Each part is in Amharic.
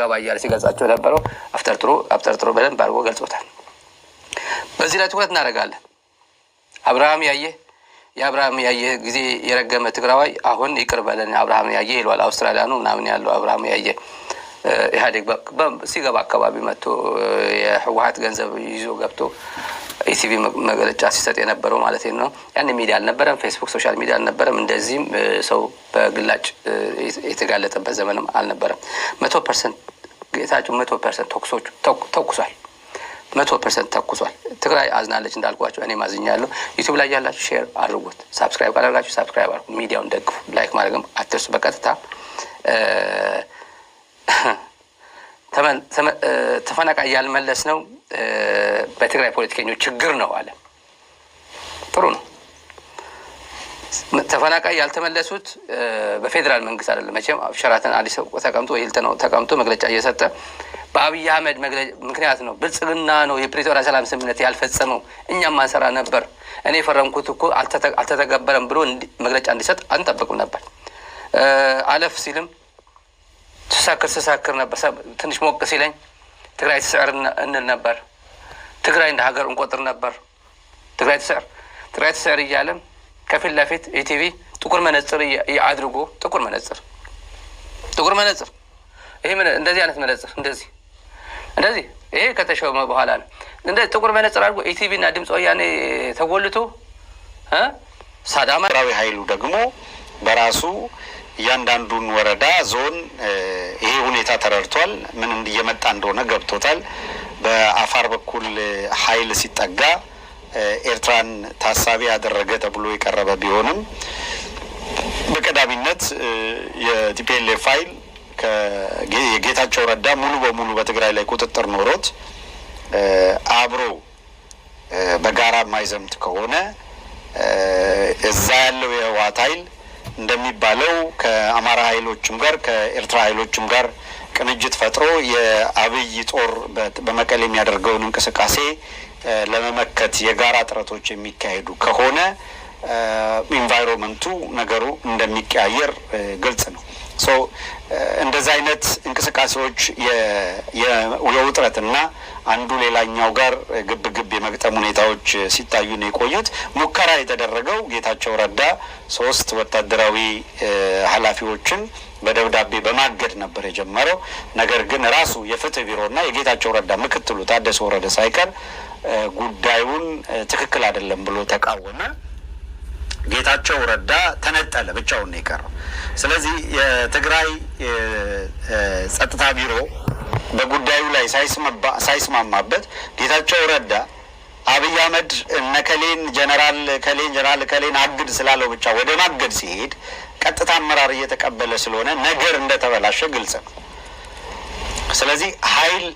ገባ እያለ ሲገልጻቸው የነበረው አፍጠርጥሮ አፍጠርጥሮ በደንብ አድርጎ ገልጾታል። በዚህ ላይ ትኩረት እናደርጋለን። አብርሃም ያየ የአብርሃም ያየ ጊዜ የረገመ ትግራዋይ አሁን ይቅር በለን አብርሃም ያየ ይሏል። አውስትራሊያኑ ምናምን ያለው አብርሃም ያየ ኢህአዴግ ሲገባ አካባቢ መጥቶ የህወሀት ገንዘብ ይዞ ገብቶ ኢቲቪ መግለጫ ሲሰጥ የነበረው ማለት ነው። ያን ሚዲያ አልነበረም፣ ፌስቡክ ሶሻል ሚዲያ አልነበረም። እንደዚህም ሰው በግላጭ የተጋለጠበት ዘመንም አልነበረም። መቶ ፐርሰንት ጌታቸው መቶ ፐርሰንት ተኩሷል። መቶ ፐርሰንት ተኩሷል። ትግራይ አዝናለች እንዳልኳቸው እኔም አዝኛለሁ። ዩቲዩብ ላይ ያላችሁ ሼር አድርጉት፣ ሳብስክራይብ ካላደረጋችሁ ሳብስክራይብ አድርጉ፣ ሚዲያውን ደግፉ፣ ላይክ ማድረግም አትርሱ። በቀጥታ ተፈናቃይ ያልመለስ ነው በትግራይ ፖለቲከኞች ችግር ነው አለ። ጥሩ ነው። ተፈናቃይ ያልተመለሱት በፌዴራል መንግስት አይደለም መቼም ሸራተን አዲስ ተቀምጦ ነው ተቀምጦ መግለጫ እየሰጠ በአብይ አህመድ ምክንያት ነው። ብልጽግና ነው የፕሪቶሪያ ሰላም ስምምነት ያልፈጸመው። እኛም አንሰራ ነበር እኔ የፈረምኩት እኮ አልተተገበረም ብሎ መግለጫ እንዲሰጥ አንጠብቅም ነበር። አለፍ ሲልም ስሳክር ስሳክር ነበር። ትንሽ ሞቅ ሲለኝ ትግራይ ትስዕር እንል ነበር። ትግራይ እንደ ሀገር እንቆጥር ነበር። ትግራይ ትስዕር ትግራይ ትስዕር እያለም ከፊት ለፊት ኢቲቪ ጥቁር መነጽር አድርጎ ጥቁር መነጽር ጥቁር መነጽር ይህ እንደዚህ አይነት መነጽር እንደዚህ እንደዚህ ይሄ ከተሾመ በኋላ ነው። እንደዚህ ጥቁር መነጽር አድርጎ ኢቲቪ እና ድምፅ ወያኔ ተጎልቶ ሳዳማ ራዊ ኃይሉ ደግሞ በራሱ እያንዳንዱን ወረዳ፣ ዞን ይሄ ሁኔታ ተረድቷል። ምን እየመጣ እንደሆነ ገብቶታል። በአፋር በኩል ኃይል ሲጠጋ ኤርትራን ታሳቢ ያደረገ ተብሎ የቀረበ ቢሆንም በቀዳሚነት የቲፒኤልኤ ፋይል የጌታቸው ረዳ ሙሉ በሙሉ በትግራይ ላይ ቁጥጥር ኖሮት አብሮ በጋራ የማይዘምት ከሆነ እዛ ያለው የህወሓት ኃይል እንደሚባለው ከአማራ ኃይሎችም ጋር ከኤርትራ ኃይሎችም ጋር ቅንጅት ፈጥሮ የአብይ ጦር በመቀሌ የሚያደርገውን እንቅስቃሴ ለመመከት የጋራ ጥረቶች የሚካሄዱ ከሆነ ኢንቫይሮንመንቱ ነገሩ እንደሚቀያየር ግልጽ ነው። ሶ እንደዚህ አይነት እንቅስቃሴዎች የውጥረትና አንዱ ሌላኛው ጋር ግብ ግብ የመግጠም ሁኔታዎች ሲታዩ ነው የቆዩት። ሙከራ የተደረገው ጌታቸው ረዳ ሶስት ወታደራዊ ኃላፊዎችን በደብዳቤ በማገድ ነበር የጀመረው። ነገር ግን ራሱ የፍትህ ቢሮና የጌታቸው ረዳ ምክትሉ ታደሰ ወረደ ሳይቀር ጉዳዩን ትክክል አይደለም ብሎ ተቃወመ። ጌታቸው ረዳ ተነጠለ፣ ብቻውን ነው የቀረው። ስለዚህ የትግራይ ጸጥታ ቢሮ በጉዳዩ ላይ ሳይስማማበት ጌታቸው ረዳ አብይ አህመድ እነ ከሌን ጀነራል ከሌን ጀነራል ከሌን አግድ ስላለው ብቻ ወደ ማገድ ሲሄድ ቀጥታ አመራር እየተቀበለ ስለሆነ ነገር እንደተበላሸ ግልጽ ነው። ስለዚህ ኃይል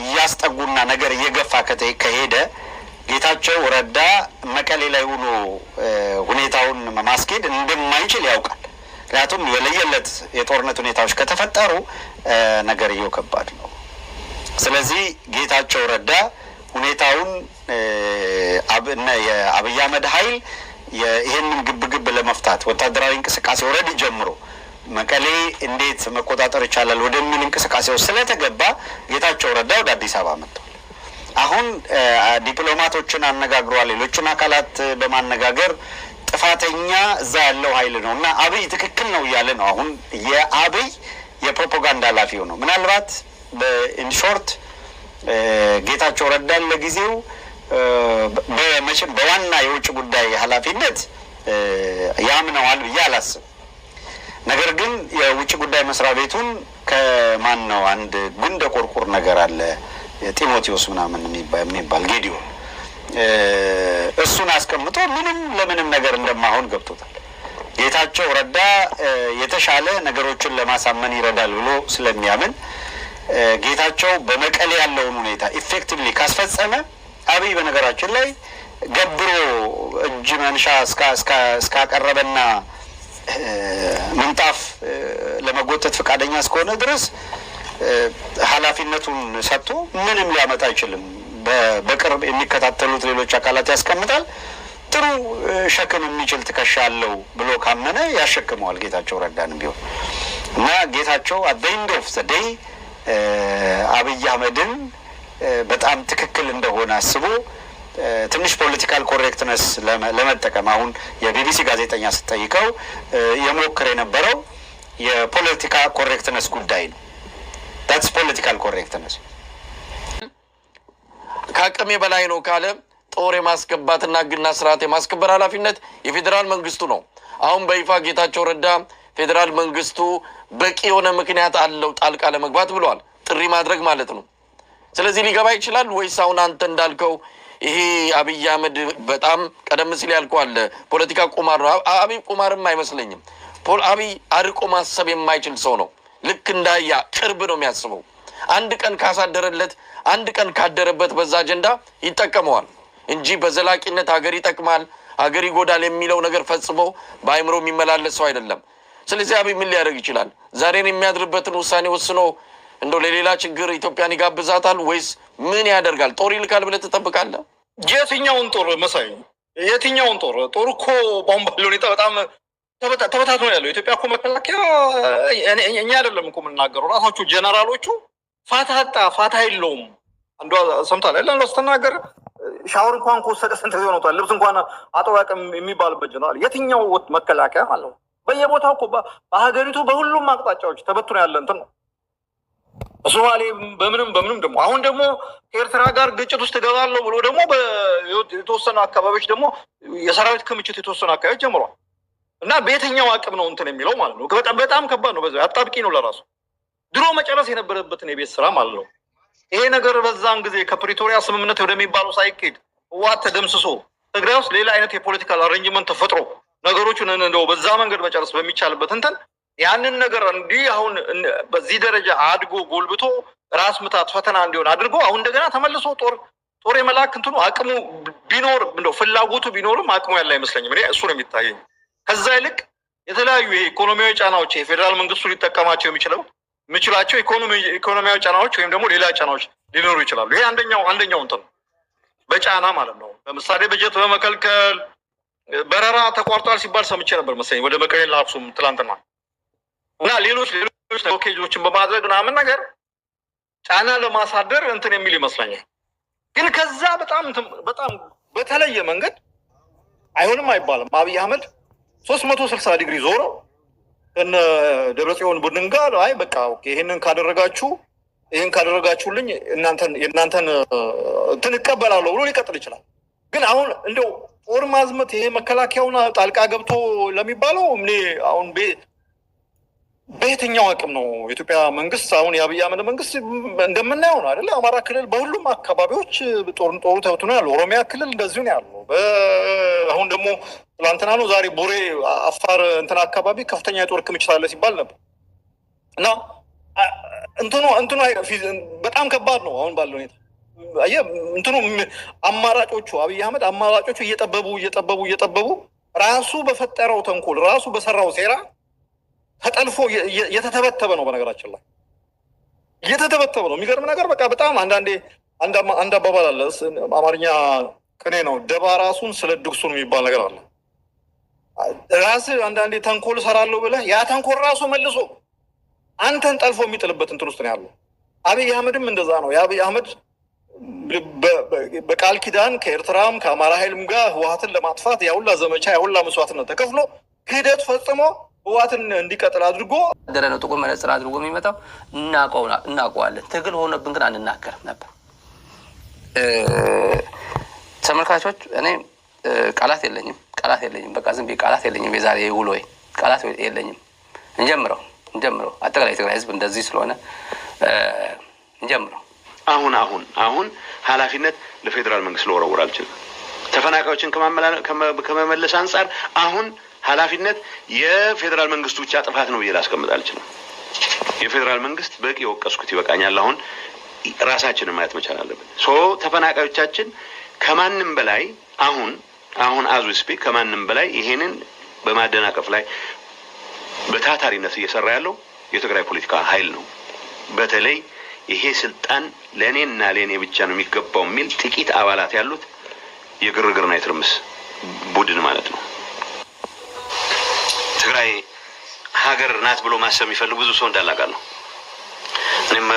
እያስጠጉና ነገር እየገፋ ከሄደ ጌታቸው ረዳ መቀሌ ላይ ሆኖ ሁኔታውን ማስኬድ እንደማይችል ያውቃል። ምክንያቱም የለየለት የጦርነት ሁኔታዎች ከተፈጠሩ ነገር ከባድ ነው። ስለዚህ ጌታቸው ረዳ ሁኔታውን የአብይ አህመድ ኃይል ይህንን ግብግብ ለመፍታት ወታደራዊ እንቅስቃሴ ወረድ ጀምሮ መቀሌ እንዴት መቆጣጠር ይቻላል ወደሚል እንቅስቃሴ ውስጥ ስለተገባ ጌታቸው ረዳ ወደ አዲስ አበባ መጥቷል። አሁን ዲፕሎማቶችን አነጋግሯል። ሌሎችን አካላት በማነጋገር ጥፋተኛ እዛ ያለው ኃይል ነው እና አብይ ትክክል ነው እያለ ነው። አሁን የአብይ የፕሮፓጋንዳ ኃላፊው ነው። ምናልባት በኢንሾርት ጌታቸው ረዳን ለጊዜው መቼም በዋና የውጭ ጉዳይ ኃላፊነት ያምነዋል ብዬ አላስብ። ነገር ግን የውጭ ጉዳይ መስሪያ ቤቱን ከማን ነው አንድ ጉንደ ቆርቁር ነገር አለ ጢሞቴዎስ ምናምን የሚባል ጌዲዮን እሱን አስቀምጦ ምንም ለምንም ነገር እንደማሆን ገብቶታል። ጌታቸው ረዳ የተሻለ ነገሮችን ለማሳመን ይረዳል ብሎ ስለሚያምን ጌታቸው በመቀሌ ያለውን ሁኔታ ኢፌክቲቭሊ ካስፈጸመ አብይ በነገራችን ላይ ገብሮ እጅ መንሻ እስካቀረበና ምንጣፍ ለመጎተት ፈቃደኛ እስከሆነ ድረስ ኃላፊነቱን ሰጥቶ ምንም ሊያመጣ አይችልም። በቅርብ የሚከታተሉት ሌሎች አካላት ያስቀምጣል። ጥሩ ሸክም የሚችል ትከሻ አለው ብሎ ካመነ ያሸክመዋል። ጌታቸው ረዳንም ቢሆን እና ጌታቸው አደይንድ ኦፍ ዘደይ አብይ አህመድን በጣም ትክክል እንደሆነ አስቦ ትንሽ ፖለቲካል ኮሬክትነስ ለመጠቀም አሁን የቢቢሲ ጋዜጠኛ ስጠይቀው የሞክር የነበረው የፖለቲካ ኮሬክትነስ ጉዳይ ነው። ታትስ ፖለቲካል ኮሬክትነስ ከአቅሜ በላይ ነው ካለ ጦር የማስገባትና ግና ስርዓት የማስከበር ኃላፊነት የፌዴራል መንግስቱ ነው። አሁን በይፋ ጌታቸው ረዳ ፌዴራል መንግስቱ በቂ የሆነ ምክንያት አለው ጣልቃ ለመግባት ብለዋል። ጥሪ ማድረግ ማለት ነው። ስለዚህ ሊገባ ይችላል ወይስ አሁን አንተ እንዳልከው ይሄ አብይ አህመድ በጣም ቀደም ሲል ያልከዋል ፖለቲካ ቁማር ነው። አብይ ቁማርም አይመስለኝም። ፖል አብይ አርቆ ማሰብ የማይችል ሰው ነው። ልክ እንዳያ ቅርብ ነው የሚያስበው። አንድ ቀን ካሳደረለት፣ አንድ ቀን ካደረበት በዛ አጀንዳ ይጠቀመዋል እንጂ በዘላቂነት ሀገር ይጠቅማል፣ ሀገር ይጎዳል የሚለው ነገር ፈጽሞ በአይምሮ የሚመላለስ ሰው አይደለም። ስለዚህ አብይ ምን ሊያደርግ ይችላል? ዛሬን የሚያድርበትን ውሳኔ ወስኖ እንደው ለሌላ ችግር ኢትዮጵያን ይጋብዛታል ወይስ ምን ያደርጋል? ጦር ይልካል ብለህ ትጠብቃለህ? የትኛውን ጦር መሳይ? የትኛውን ጦር? ጦር እኮ በአሁን ባለ ሁኔታ በጣም ተበታትኖ ያለው ኢትዮጵያ እኮ መከላከያ እኛ አይደለም እኮ የምናገረው ራሳቸው ጀነራሎቹ ፋታ አጣ፣ ፋታ የለውም። አንዷ ሰምታል ላ ስትናገር ሻወር እንኳን ከወሰደ ስንት ጊዜ ሆኖታል? ልብስ እንኳን አጠዋቅም የሚባልበት ጀነራል የትኛው መከላከያ አለው? በየቦታው እኮ በሀገሪቱ በሁሉም አቅጣጫዎች ተበትኖ ያለ እንትን ነው። በሶማሌ በምንም በምንም ደግሞ አሁን ደግሞ ከኤርትራ ጋር ግጭት ውስጥ እገባለሁ ብሎ ደግሞ የተወሰኑ አካባቢዎች ደግሞ የሰራዊት ክምችት የተወሰኑ አካባቢዎች ጀምሯል። እና በየትኛው አቅም ነው እንትን የሚለው ማለት ነው። በጣም በጣም ከባድ ነው። በዛ አጣብቂ ነው ለራሱ ድሮ መጨረስ የነበረበትን የቤት ስራ ማለት ነው። ይሄ ነገር በዛን ጊዜ ከፕሪቶሪያ ስምምነት ወደሚባለው ሳይኬድ ህወሓት ተደምስሶ ትግራይ ውስጥ ሌላ አይነት የፖለቲካል አሬንጅመንት ተፈጥሮ ነገሮቹን እንደው በዛ መንገድ መጨረስ በሚቻልበት እንትን ያንን ነገር እንዲህ አሁን በዚህ ደረጃ አድጎ ጎልብቶ ራስ ምታት ፈተና እንዲሆን አድርጎ አሁን እንደገና ተመልሶ ጦር ጦር የመላክ እንትኑ አቅሙ ቢኖር እንደው ፍላጎቱ ቢኖርም አቅሙ ያለ አይመስለኝም። እኔ እሱ ነው የሚታየኝ። ከዛ ይልቅ የተለያዩ ይሄ ኢኮኖሚያዊ ጫናዎች የፌዴራል መንግስቱ ሊጠቀማቸው የሚችለው የሚችላቸው ኢኮኖሚያዊ ጫናዎች ወይም ደግሞ ሌላ ጫናዎች ሊኖሩ ይችላሉ። ይሄ አንደኛው አንደኛው እንትን በጫና ማለት ነው። ለምሳሌ በጀት በመከልከል በረራ ተቋርጧል ሲባል ሰምቼ ነበር መሰለኝ ወደ መቀሌና ለአክሱም ትላንትና እና ሌሎች ሌሎች ሎኬጆችን በማድረግ ምናምን ነገር ጫና ለማሳደር እንትን የሚል ይመስለኛል። ግን ከዛ በጣም በጣም በተለየ መንገድ አይሆንም አይባልም። አብይ አህመድ ሶስት መቶ ስልሳ ዲግሪ ዞሮ እነ ደብረጽዮን ቡድን ጋር አይ በቃ ይህንን ካደረጋችሁ ይህን ካደረጋችሁልኝ የእናንተን እንትን እቀበላለሁ ብሎ ሊቀጥል ይችላል። ግን አሁን እንደው ጦር ማዝመት ይሄ መከላከያውን ጣልቃ ገብቶ ለሚባለው እኔ አሁን በየትኛው አቅም ነው የኢትዮጵያ መንግስት አሁን የአብይ አህመድ መንግስት እንደምናየው ነው አይደለ? አማራ ክልል በሁሉም አካባቢዎች ጦር ጦሩ ተብትኖ ያለው፣ ኦሮሚያ ክልል እንደዚሁ ነው ያለው። አሁን ደግሞ ትላንትና ነው ዛሬ ቡሬ አፋር እንትን አካባቢ ከፍተኛ የጦር ክምችት አለ ሲባል ነበር እና እንትኑ እንትኑ በጣም ከባድ ነው አሁን ባለ ሁኔታ አየህ እንትኑ አማራጮቹ አብይ አህመድ አማራጮቹ እየጠበቡ እየጠበቡ እየጠበቡ ራሱ በፈጠረው ተንኮል ራሱ በሰራው ሴራ ተጠልፎ የተተበተበ ነው። በነገራችን ላይ እየተተበተበ ነው። የሚገርም ነገር በቃ በጣም አንዳንዴ አንድ አባባል አለ፣ አማርኛ ቅኔ ነው። ደባ ራሱን ስለ ድግሱን የሚባል ነገር አለ። ራስ አንዳንዴ ተንኮል ሰራለሁ ብለህ ያ ተንኮል ራሱ መልሶ አንተን ጠልፎ የሚጥልበት እንትን ውስጥ ነው ያለው። አብይ አህመድም እንደዛ ነው። የአብይ አህመድ በቃል ኪዳን ከኤርትራም ከአማራ ኃይልም ጋር ህወሀትን ለማጥፋት ያሁላ ዘመቻ ያሁላ መስዋዕትነት ተከፍሎ ክህደት ፈጽሞ ህዋትን እንዲቀጥል አድርጎ ደረ ነው። ጥቁር መነጽር አድርጎ የሚመጣው እናውቀዋለን። ትግል ሆነብን ግን አንናገርም ነበር። ተመልካቾች፣ እኔ ቃላት የለኝም፣ ቃላት የለኝም። በቃ ዝም ቃላት የለኝም። የዛሬ ውሎ ቃላት የለኝም። እንጀምረው እንጀምረው። አጠቃላይ ትግራይ ህዝብ እንደዚህ ስለሆነ እንጀምረው። አሁን አሁን አሁን ኃላፊነት ለፌዴራል መንግስት ልወረውር አልችልም። ተፈናቃዮችን ከመመለስ አንጻር አሁን ኃላፊነት የፌዴራል መንግስቱ ብቻ ጥፋት ነው ብዬ ላስቀምጥ አልችልም። የፌዴራል መንግስት በቂ የወቀስኩት ይበቃኛል። አሁን ራሳችንን ማየት መቻል አለብን። ሶ ተፈናቃዮቻችን ከማንም በላይ አሁን አሁን አዙ ስፒክ ከማንም በላይ ይሄንን በማደናቀፍ ላይ በታታሪነት እየሰራ ያለው የትግራይ ፖለቲካ ኃይል ነው። በተለይ ይሄ ስልጣን ለእኔና ለእኔ ብቻ ነው የሚገባው የሚል ጥቂት አባላት ያሉት የግርግርና የትርምስ ቡድን ማለት ነው። ትግራይ ሀገር ናት ብሎ ማሰብ የሚፈልጉ ብዙ ሰው እንዳላቃል ነው። እኔም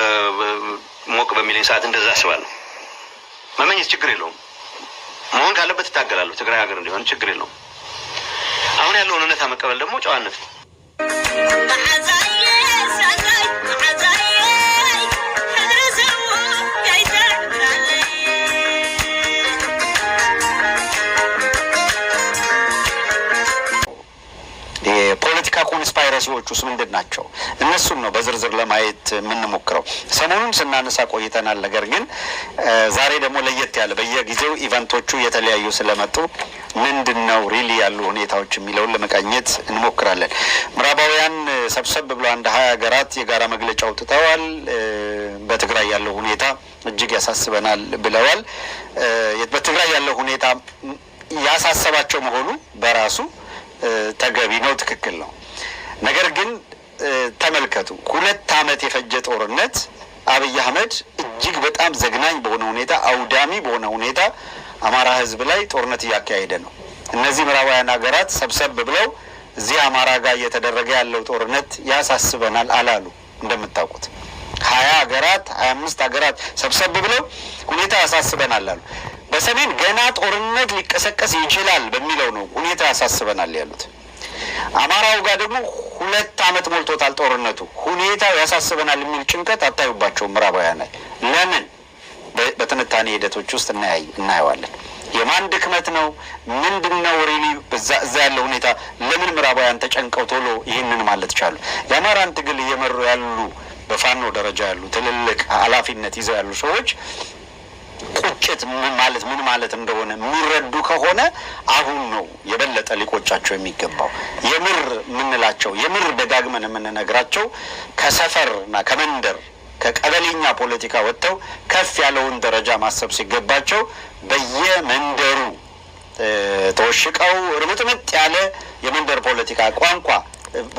ሞቅ በሚለኝ ሰዓት እንደዛ አስባለሁ። መመኘት ችግር የለውም። መሆን ካለበት እታገላለሁ። ትግራይ ሀገር እንዲሆን ችግር የለውም። አሁን ያለውን እውነታ መቀበል ደግሞ ጨዋነት ነው። ችግሮች ውስጥ ምንድን ናቸው? እነሱን ነው በዝርዝር ለማየት የምንሞክረው። ሰሞኑን ስናነሳ ቆይተናል። ነገር ግን ዛሬ ደግሞ ለየት ያለ በየጊዜው ኢቨንቶቹ የተለያዩ ስለመጡ ምንድን ነው ሪሊ ያሉ ሁኔታዎች የሚለውን ለመቃኘት እንሞክራለን። ምዕራባውያን ሰብሰብ ብለው አንድ ሀያ ሀገራት የጋራ መግለጫ አውጥተዋል። በትግራይ ያለው ሁኔታ እጅግ ያሳስበናል ብለዋል። በትግራይ ያለው ሁኔታ ያሳሰባቸው መሆኑ በራሱ ተገቢ ነው፣ ትክክል ነው። ነገር ግን ተመልከቱ፣ ሁለት ዓመት የፈጀ ጦርነት አብይ አህመድ እጅግ በጣም ዘግናኝ በሆነ ሁኔታ አውዳሚ በሆነ ሁኔታ አማራ ህዝብ ላይ ጦርነት እያካሄደ ነው። እነዚህ ምዕራባውያን ሀገራት ሰብሰብ ብለው እዚህ አማራ ጋር እየተደረገ ያለው ጦርነት ያሳስበናል አላሉ። እንደምታውቁት ሀያ ሀገራት ሀያ አምስት ሀገራት ሰብሰብ ብለው ሁኔታ ያሳስበናል አሉ። በሰሜን ገና ጦርነት ሊቀሰቀስ ይችላል በሚለው ነው ሁኔታ ያሳስበናል ያሉት። አማራው ጋር ደግሞ ሁለት ዓመት ሞልቶታል ጦርነቱ። ሁኔታው ያሳስበናል የሚል ጭንቀት አታዩባቸውም ምዕራባውያን ላይ። ለምን? በትንታኔ ሂደቶች ውስጥ እናየዋለን። የማን ድክመት ነው? ምንድን ነው ሪሊ እዛ ያለው ሁኔታ? ለምን ምዕራባውያን ተጨንቀው ቶሎ ይህንን ማለት ቻሉ? የአማራን ትግል እየመሩ ያሉ በፋኖ ደረጃ ያሉ ትልልቅ ኃላፊነት ይዘው ያሉ ሰዎች ቁጭት ማለት ምን ማለት እንደሆነ የሚረዱ ከሆነ አሁን ነው የበለጠ ሊቆጫቸው የሚገባው። የምር የምንላቸው የምር ደጋግመን የምንነግራቸው ከሰፈርና ከመንደር ከቀበሌኛ ፖለቲካ ወጥተው ከፍ ያለውን ደረጃ ማሰብ ሲገባቸው በየመንደሩ ተወሽቀው ርምጥምጥ ያለ የመንደር ፖለቲካ ቋንቋ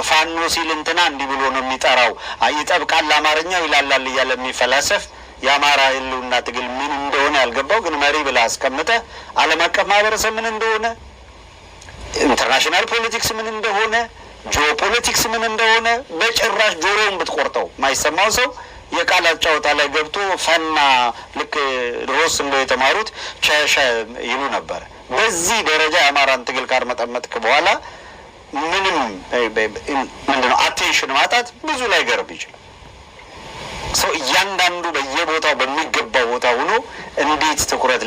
ፋኖ ሲል እንትና እንዲህ ብሎ ነው የሚጠራው፣ ይጠብቃል አማርኛው ይላላል እያለ የሚፈላሰፍ የአማራ ህልውና ትግል ምን እንደሆነ ያልገባው ግን መሪ ብላ አስቀምጠ ዓለም አቀፍ ማህበረሰብ ምን እንደሆነ ኢንተርናሽናል ፖለቲክስ ምን እንደሆነ ጂኦፖለቲክስ ፖለቲክስ ምን እንደሆነ በጭራሽ ጆሮውን ብትቆርጠው ማይሰማው ሰው የቃላት ጨዋታ ላይ ገብቶ ፈና ልክ ሮስ እንደ የተማሩት ሸሸ ይሉ ነበር። በዚህ ደረጃ የአማራን ትግል መጠመጥክ በኋላ ምንም ምንድነው አቴንሽን ማጣት ብዙ ላይ ገርብ ይችላል። ሰው እያንዳንዱ በየቦታው በሚገባው ቦታ ሆኖ እንዴት ትኩረት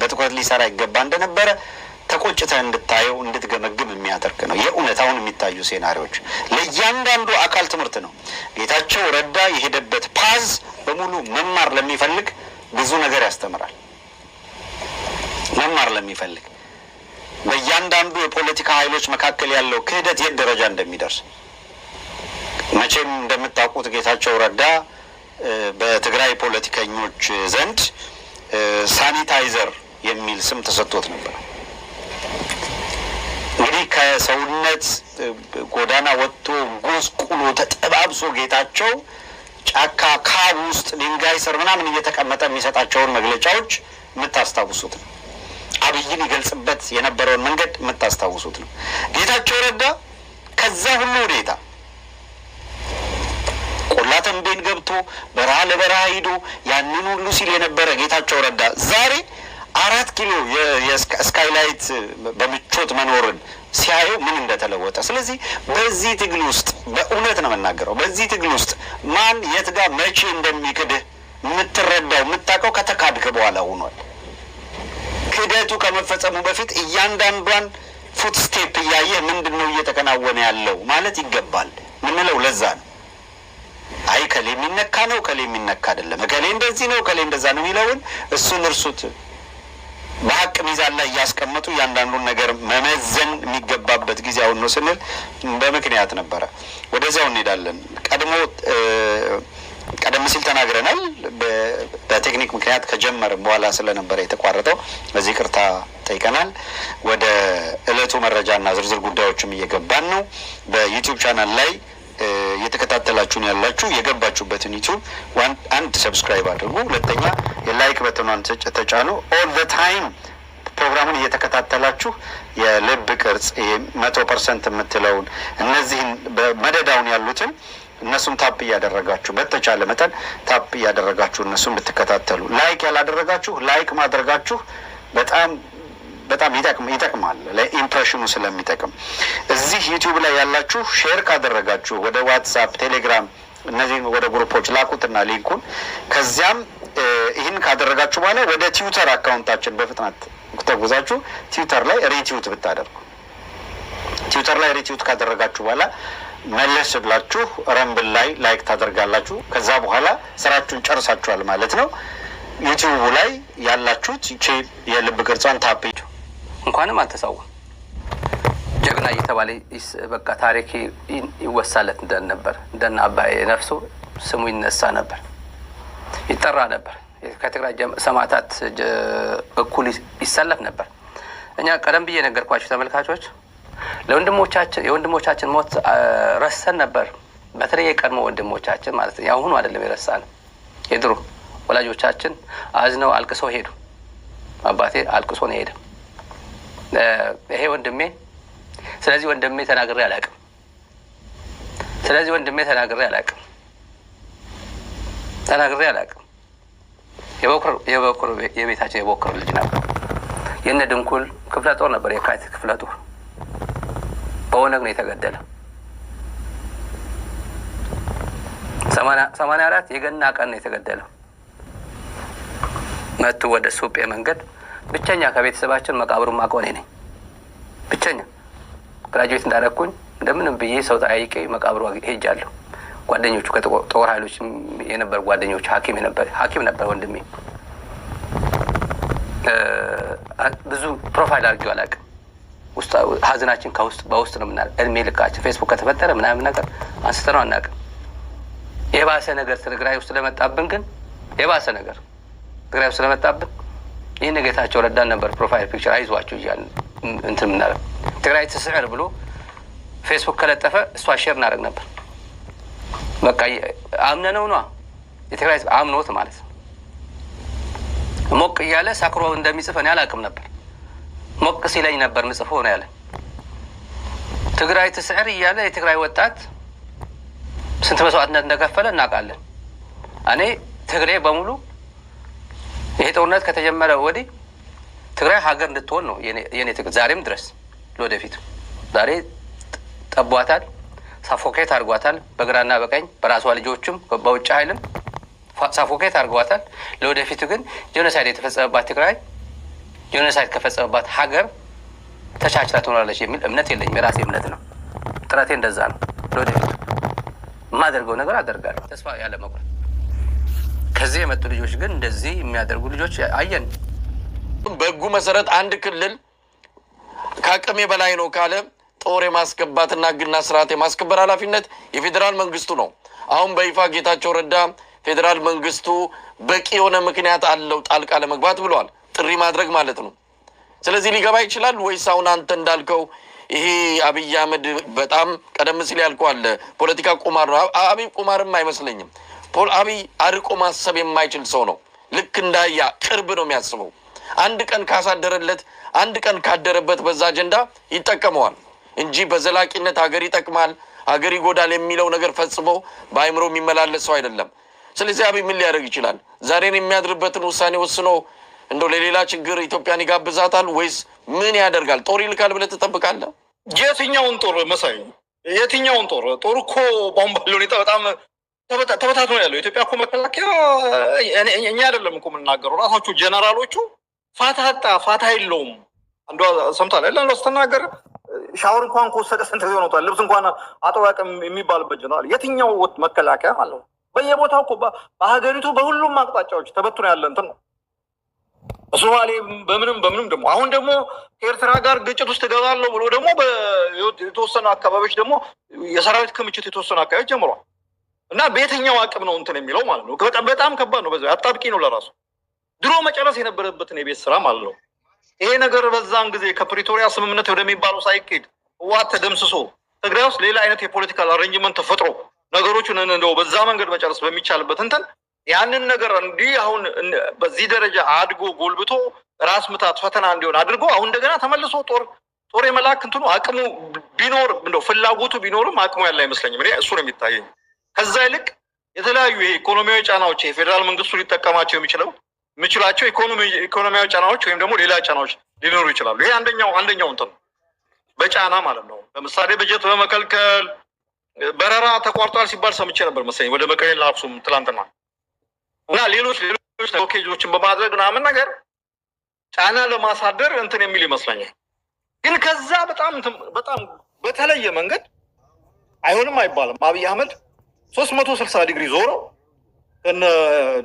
በትኩረት ሊሰራ ይገባ እንደነበረ ተቆጭተ እንድታየው እንድትገመግም የሚያደርግ ነው። የእውነት አሁን የሚታዩ ሴናሪዎች ለእያንዳንዱ አካል ትምህርት ነው። ጌታቸው ረዳ የሄደበት ፓዝ በሙሉ መማር ለሚፈልግ ብዙ ነገር ያስተምራል። መማር ለሚፈልግ በእያንዳንዱ የፖለቲካ ኃይሎች መካከል ያለው ክህደት የት ደረጃ እንደሚደርስ መቼም እንደምታውቁት ጌታቸው ረዳ በትግራይ ፖለቲከኞች ዘንድ ሳኒታይዘር የሚል ስም ተሰጥቶት ነበር። እንግዲህ ከሰውነት ጎዳና ወጥቶ ጎስቁሎ ተጠባብሶ ጌታቸው ጫካ ካብ ውስጥ ድንጋይ ስር ምናምን እየተቀመጠ የሚሰጣቸውን መግለጫዎች የምታስታውሱት ነው። አብይን ይገልጽበት የነበረውን መንገድ የምታስታውሱት ነው። ጌታቸው ረዳ ከዛ ሁሉ ሁኔታ ቤን ገብቶ በረሃ ለበረሃ ሂዶ ያንን ሁሉ ሲል የነበረ ጌታቸው ረዳ ዛሬ አራት ኪሎ የስካይላይት በምቾት መኖርን ሲያዩ ምን እንደተለወጠ። ስለዚህ በዚህ ትግል ውስጥ በእውነት ነው የምናገረው፣ በዚህ ትግል ውስጥ ማን የት ጋር መቼ እንደሚክድህ የምትረዳው የምታውቀው ከተካድክ በኋላ ሆኗል። ክደቱ ከመፈጸሙ በፊት እያንዳንዷን ፉት ስቴፕ እያየህ ምንድን ነው እየተከናወነ ያለው ማለት ይገባል ምንለው ለዛ ነው። አይ ከሌ የሚነካ ነው ከሌ የሚነካ አይደለም ከሌ እንደዚህ ነው ከሌ እንደዛ ነው የሚለውን እሱን እርሱት። በሀቅ ሚዛን ላይ እያስቀመጡ እያንዳንዱን ነገር መመዘን የሚገባበት ጊዜ አሁን ነው ስንል በምክንያት ነበረ። ወደዚያው እንሄዳለን። ቀድሞ ቀደም ሲል ተናግረናል። በቴክኒክ ምክንያት ከጀመር በኋላ ስለነበረ የተቋረጠው በዚህ ቅርታ ጠይቀናል። ወደ ዕለቱ መረጃና ዝርዝር ጉዳዮችም እየገባን ነው በዩቲዩብ ቻናል ላይ እየተከታተላችሁን ያላችሁ የገባችሁበትን ዩቱብ አንድ ሰብስክራይብ አድርጉ፣ ሁለተኛ የላይክ በተኗን ተጫኑ። ኦል ዘ ታይም ፕሮግራሙን እየተከታተላችሁ የልብ ቅርጽ መቶ ፐርሰንት የምትለውን እነዚህን በመደዳውን ያሉትን እነሱም ታፕ እያደረጋችሁ በተቻለ መጠን ታፕ እያደረጋችሁ እነሱም ብትከታተሉ ላይክ ያላደረጋችሁ ላይክ ማድረጋችሁ በጣም በጣም ይጠቅማል፣ ለኢምፕሬሽኑ ስለሚጠቅም። እዚህ ዩቲዩብ ላይ ያላችሁ ሼር ካደረጋችሁ ወደ ዋትሳፕ፣ ቴሌግራም እነዚህ ወደ ግሩፖች ላኩትና ሊንኩን ከዚያም ይህን ካደረጋችሁ በኋላ ወደ ትዊተር አካውንታችን በፍጥነት ተጉዛችሁ ትዊተር ላይ ሪትዊት ብታደርጉ ትዊተር ላይ ሪትዊት ካደረጋችሁ በኋላ መለስ ብላችሁ ረምብል ላይ ላይክ ታደርጋላችሁ። ከዛ በኋላ ስራችሁን ጨርሳችኋል ማለት ነው። ዩቲዩቡ ላይ ያላችሁት ቼ የልብ ቅርጿን ታፕ እንኳንም አልተሰዋም። ጀግና እየተባለ በቃ ታሪክ ይወሳለት እንደነበር እንደነ አባይ ነፍሶ ስሙ ይነሳ ነበር፣ ይጠራ ነበር። ከትግራይ ሰማዕታት እኩል ይሰለፍ ነበር። እኛ ቀደም ብዬ ነገርኳቸው ተመልካቾች፣ ለወንድሞቻችን የወንድሞቻችን ሞት ረሰን ነበር። በተለይ የቀድሞ ወንድሞቻችን ማለት ነው። የአሁኑ አይደለም የረሳ ነው። የድሮ ወላጆቻችን አዝነው አልቅሰው ሄዱ። አባቴ አልቅሶ ነው ሄደ። ይሄ ወንድሜ ስለዚህ ወንድሜ ተናግሬ አላውቅም። ስለዚህ ወንድሜ ተናግሬ አላውቅም። ተናግሬ አላውቅም። የበኩር የበኩር የቤታቸው የበኩር ልጅ ነበር። የእነ ድንኩል ክፍለ ጦር ነበር፣ የካቲት ክፍለ ጦር በኦነግ ነው የተገደለ። ሰማንያ አራት የገና ቀን ነው የተገደለው። መቱ ወደ ሱጴ መንገድ ብቸኛ ከቤተሰባችን መቃብሩን ማውቀው እኔ ነኝ። ብቸኛ ግራጁዌት እንዳረኩኝ እንደምንም ብዬ ሰው ጠያይቄ መቃብሩ ሄጃለሁ። ጓደኞቹ ከጦር ኃይሎች የነበር ጓደኞቹ ሐኪም ነበር ሐኪም ነበር ወንድሜ ብዙ ፕሮፋይል አድርጌው አላውቅም። ሀዘናችን ከውስጥ በውስጥ ነው የምናደርገው። እድሜ ልካችን ፌስቡክ ከተፈጠረ ምናምን ነገር አንስተ ነው አናውቅም። የባሰ ነገር ትግራይ ውስጥ ለመጣብን ግን የባሰ ነገር ትግራይ ውስጥ ለመጣብን ይህን ጌታቸው ረዳን ነበር ፕሮፋይል ፒክቸር አይዟቸው እያል እንትን ምናለ ትግራይ ትስዕር ብሎ ፌስቡክ ከለጠፈ እሷ ሼር እናደርግ ነበር። በቃ አምነ ነው ኗ የትግራይ ህዝብ አምኖት ማለት ነው። ሞቅ እያለ ሳክሮ እንደሚጽፍ እኔ አላውቅም ነበር። ሞቅ ሲለኝ ነበር ምጽፎ ነው ያለ ትግራይ ትስዕር እያለ የትግራይ ወጣት ስንት መስዋዕትነት እንደከፈለ እናውቃለን። እኔ ትግሬ በሙሉ ይሄ ጦርነት ከተጀመረ ወዲህ ትግራይ ሀገር እንድትሆን ነው የኔ ትግል ዛሬም ድረስ ለወደፊት ዛሬ ጠቧታል፣ ሳፎኬት አድርጓታል፣ በግራና በቀኝ በራሷ ልጆችም በውጭ ኃይልም ሳፎኬት አድርጓታል። ለወደፊቱ ግን ጄኖሳይድ የተፈጸመባት ትግራይ ጄኖሳይድ ከፈጸመባት ሀገር ተቻችላ ትሆናለች የሚል እምነት የለኝም። የራሴ እምነት ነው። ጥረቴ እንደዛ ነው። ለወደፊቱ የማደርገው ነገር አደርጋለሁ። ተስፋ ያለ መቁረጥ ከዚህ የመጡ ልጆች ግን እንደዚህ የሚያደርጉ ልጆች አየን። በህጉ መሰረት አንድ ክልል ከአቅሜ በላይ ነው ካለ ጦር የማስገባትና ህግና ስርዓት የማስከበር ኃላፊነት የፌዴራል መንግስቱ ነው። አሁን በይፋ ጌታቸው ረዳ ፌዴራል መንግስቱ በቂ የሆነ ምክንያት አለው ጣልቃ ለመግባት ብለዋል። ጥሪ ማድረግ ማለት ነው። ስለዚህ ሊገባ ይችላል ወይስ አሁን አንተ እንዳልከው ይሄ አብይ አህመድ በጣም ቀደም ሲል ያልከዋል ፖለቲካ ቁማር ነው። አብይ ቁማርም አይመስለኝም። ፖል አብይ አርቆ ማሰብ የማይችል ሰው ነው። ልክ እንዳያ ቅርብ ነው የሚያስበው። አንድ ቀን ካሳደረለት፣ አንድ ቀን ካደረበት በዛ አጀንዳ ይጠቀመዋል እንጂ በዘላቂነት ሀገር ይጠቅማል፣ ሀገር ይጎዳል የሚለው ነገር ፈጽሞ በአይምሮ የሚመላለስ ሰው አይደለም። ስለዚህ አብይ ምን ሊያደርግ ይችላል? ዛሬን የሚያድርበትን ውሳኔ ወስኖ እንደው ለሌላ ችግር ኢትዮጵያን ይጋብዛታል ወይስ ምን ያደርጋል? ጦር ይልካል ብለህ ትጠብቃለህ? የትኛውን ጦር መሳይ? የትኛውን ጦር? ጦር እኮ በአሁን ባለ ሁኔታ በጣም ተበታትኖ ያለው ኢትዮጵያ እኮ መከላከያ እኛ አይደለም እኮ የምናገረው ራሳቸው ጀነራሎቹ ፋታ አጣ ፋታ የለውም። አንዷ ሰምታል ለ ስትናገር ሻወር እንኳን ከወሰደ ስንት ጊዜ ሆኖታል? ልብስ እንኳን አጠዋቅም የሚባልበት ጀነራል የትኛው መከላከያ አለው? በየቦታው እኮ በሀገሪቱ በሁሉም አቅጣጫዎች ተበትኖ ያለ እንትን ነው። በሶማሌ በምንም በምንም ደግሞ አሁን ደግሞ ከኤርትራ ጋር ግጭት ውስጥ እገባለሁ ብሎ ደግሞ የተወሰኑ አካባቢዎች ደግሞ የሰራዊት ክምችት የተወሰኑ አካባቢዎች ጀምሯል። እና በየትኛው አቅም ነው እንትን የሚለው ማለት ነው። በጣም ከባድ ነው። በዛ አጣብቂ ነው ለራሱ ድሮ መጨረስ የነበረበትን የቤት ስራ ማለት ነው። ይሄ ነገር በዛን ጊዜ ከፕሪቶሪያ ስምምነት ወደሚባለው ሳይኬድ ህወሓት ተደምስሶ ትግራይ ውስጥ ሌላ አይነት የፖለቲካል አሬንጅመንት ተፈጥሮ ነገሮቹን እንደው በዛ መንገድ መጨረስ በሚቻልበት እንትን ያንን ነገር እንዲህ አሁን በዚህ ደረጃ አድጎ ጎልብቶ ራስ ምታት ፈተና እንዲሆን አድርጎ አሁን እንደገና ተመልሶ ጦር ጦር የመላክ እንትኑ አቅሙ ቢኖር እንደው ፍላጎቱ ቢኖርም አቅሙ ያለ አይመስለኝም። እኔ እሱ ነው የሚታየኝ። ከዛ ይልቅ የተለያዩ ይሄ ኢኮኖሚያዊ ጫናዎች የፌዴራል መንግስቱ ሊጠቀማቸው የሚችለው የምችላቸው ኢኮኖሚያዊ ጫናዎች ወይም ደግሞ ሌላ ጫናዎች ሊኖሩ ይችላሉ። ይሄ አንደኛው አንደኛው እንትን ነው በጫና ማለት ነው። ለምሳሌ በጀት በመከልከል በረራ ተቋርጧል ሲባል ሰምቼ ነበር መሰለኝ ወደ መቀሌና ለአክሱም ትላንትና እና ሌሎች ሌሎች ኦኬጆችን በማድረግ ምናምን ነገር ጫና ለማሳደር እንትን የሚል ይመስለኛል። ግን ከዛ በጣም በጣም በተለየ መንገድ አይሆንም አይባልም አብይ አህመድ ሶስት መቶ ስልሳ ዲግሪ ዞረው እነ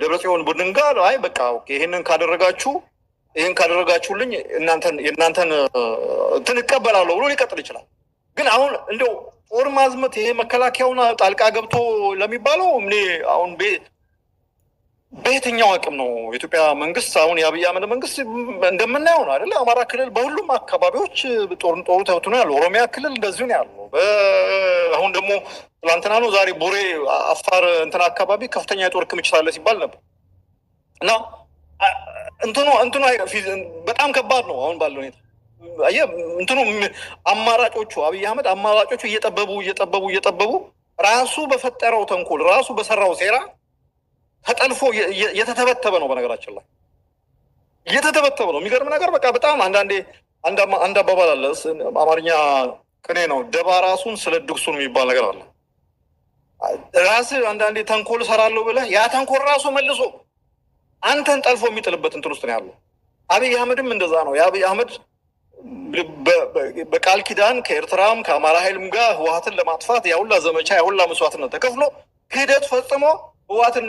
ደብረጽዮን ቡድን ጋር አይ በቃ ይህንን ካደረጋችሁ ይህን ካደረጋችሁልኝ የእናንተን እንትን እቀበላለሁ ብሎ ሊቀጥል ይችላል። ግን አሁን እንደው ጦር ማዝመት ይሄ መከላከያውን ጣልቃ ገብቶ ለሚባለው እኔ አሁን በየትኛው አቅም ነው የኢትዮጵያ መንግስት አሁን የአብይ አህመድ መንግስት እንደምናየው ነው አይደለ? አማራ ክልል በሁሉም አካባቢዎች ጦርን ጦሩ ተብትኖ ያለ ኦሮሚያ ክልል እንደዚሁ ነው ያለው። አሁን ደግሞ ትላንትና ነው ዛሬ ቡሬ አፋር እንትን አካባቢ ከፍተኛ የጦር ክምችት አለ ሲባል ነበር እና እንትኑ እንትኑ በጣም ከባድ ነው አሁን ባለ ሁኔታ አየ እንትኑ አማራጮቹ አብይ አህመድ አማራጮቹ እየጠበቡ እየጠበቡ እየጠበቡ ራሱ በፈጠረው ተንኮል ራሱ በሰራው ሴራ ተጠልፎ የተተበተበ ነው። በነገራችን ላይ የተተበተበ ነው። የሚገርም ነገር በቃ በጣም አንዳንዴ አንድ አባባል አለ፣ አማርኛ ቅኔ ነው። ደባ ራሱን ስለ ድግሱን የሚባል ነገር አለ። ራስ አንዳንዴ ተንኮል ሰራለሁ ብለህ ያ ተንኮል ራሱ መልሶ አንተን ጠልፎ የሚጥልበት እንትን ውስጥ ነው ያለው። አብይ አህመድም እንደዛ ነው። የአብይ አህመድ በቃል ኪዳን ከኤርትራም ከአማራ ኃይልም ጋር ህወሀትን ለማጥፋት ያሁላ ዘመቻ ያሁላ መስዋዕትነት ተከፍሎ ሂደት ፈጽሞ ህወሀትን